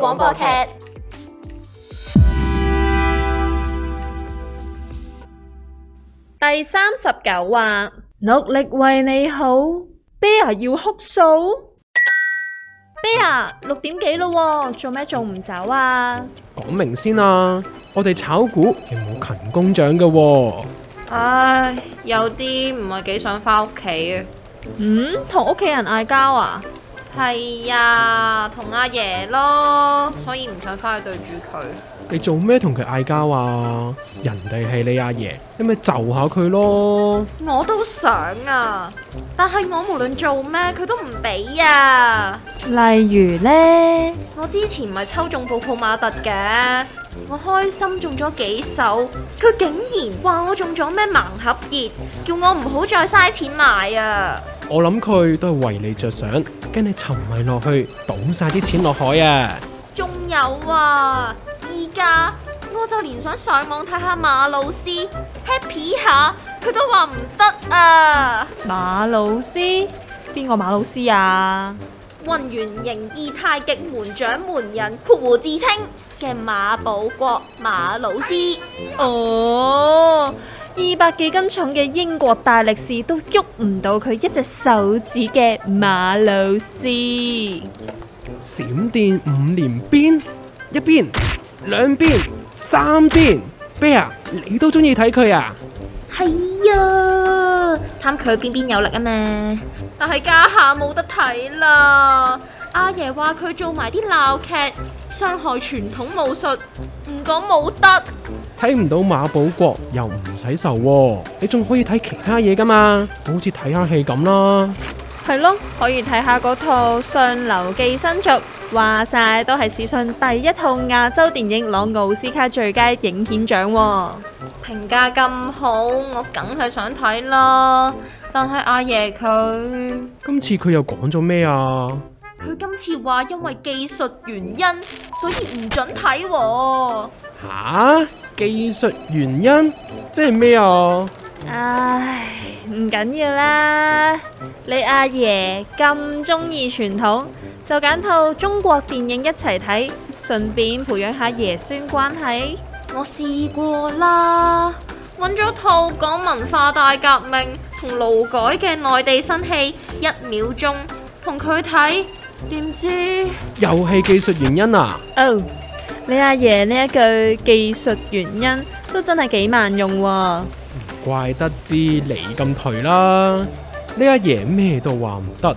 廣播劇第三十九話，落力為你好。啤牙要哭訴。啤牙，六點幾咯，做咩做唔走啊？講明先啊，我哋炒股又冇勤工獎噶。唉，有啲唔係幾想翻屋企啊。嗯，同屋企人嗌交啊？係啊，同阿爺咯，所以唔想翻去對住佢。你做咩同佢嗌交啊？人哋係你阿爺，你咪就,就下佢咯。我都想啊，但係我無論做咩，佢都唔俾啊。例如呢，我之前咪抽中泡泡瑪特嘅，我開心中咗幾手，佢竟然話我中咗咩盲盒熱，叫我唔好再嘥錢買啊！我諗佢都係為你着想，驚，你沉迷落去，倒晒啲錢落海啊！仲有啊，而家我就連想上網睇下馬老師 happy 下，佢都話唔得啊！馬老師？邊個馬老師啊？混元形意太極門掌門人括弧自稱嘅馬保國馬老師哦。二百幾斤重嘅英國大力士都喐唔到佢一隻手指嘅馬老師，閃電五連鞭，一邊、兩邊、三邊，啤牙？你都中意睇佢啊？係呀，貪佢邊邊有力啊嘛！但係家下冇得睇啦。阿爺話佢做埋啲鬧劇，傷害傳統武術，唔講武德，睇唔到馬保國又唔使愁。啊，你仲可以睇其他嘢噶嘛，好似睇下戲咁啦。係咯，可以睇下嗰套《上流寄生族》。話晒都係史上第一套亞洲電影攞奧斯卡最佳影片獎。啊。評價咁好，我梗係想睇啦。但係阿爺佢，今次佢又講咗咩啊？佢今次話因為技術原因，所以唔准睇喎。哦。吓，技術原因即係咩啊？唉，唔緊要啦。你阿爺咁中意傳統，就揀套中國電影一齊睇，順便培養下爺孫關係。我試過啦，揾咗套講文化大革命同勞改嘅內地新戲，一秒鐘同佢睇。點知遊戲技術原因啊？哦，oh, 你阿爺呢一句技術原因都真係幾萬用，啊，唔怪得知你咁頹啦。你阿爺咩都話唔得，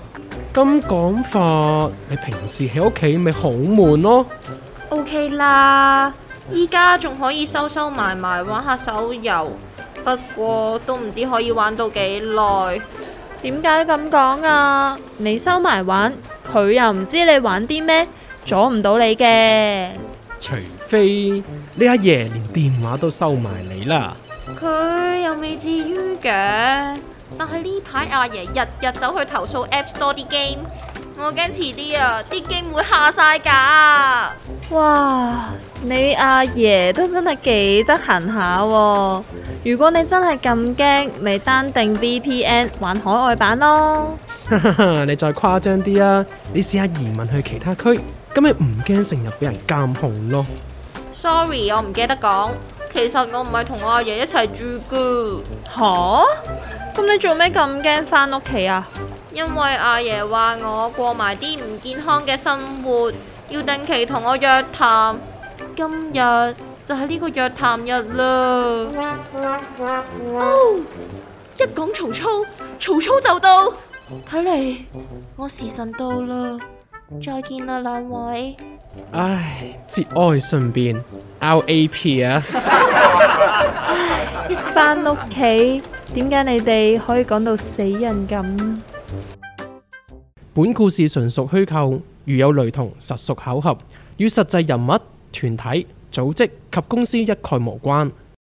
咁講法，你平時喺屋企咪好悶咯？OK 啦，依家仲可以收收埋埋玩下手遊，不過都唔知可以玩到幾耐。點解咁講啊？你收埋玩。佢又唔知你玩啲咩，阻唔到你嘅。除非呢，阿爺連電話都收埋你啦。佢又未至於嘅，但係呢排阿爺日日走去投訴 App Store 啲 game，我驚遲啲啊，啲 game 會下晒架。哇，你阿爺都真係幾得閒下，啊。如果你真係咁驚，咪單定 VPN 玩海外版咯。 你再誇張啲啊！你試下移民去其他區，咁咪唔驚成日俾人監控咯。Sorry，我唔記得講，其實我唔係同阿爺一齊住噶。吓？咁你做咩咁驚翻屋企啊？因為阿爺話我過埋啲唔健康嘅生活。要定期同我約談，今日就係呢個約談日啦。 oh, 一講曹操，曹操就到。睇嚟，我時辰到啦，再見啦兩位。唉，節哀順便，L A P 啊。翻屋企，點解你哋可以講到死人咁？本故事純屬虛構。如有雷同，實屬巧合，與實際人物、團體、組織及公司一概無關。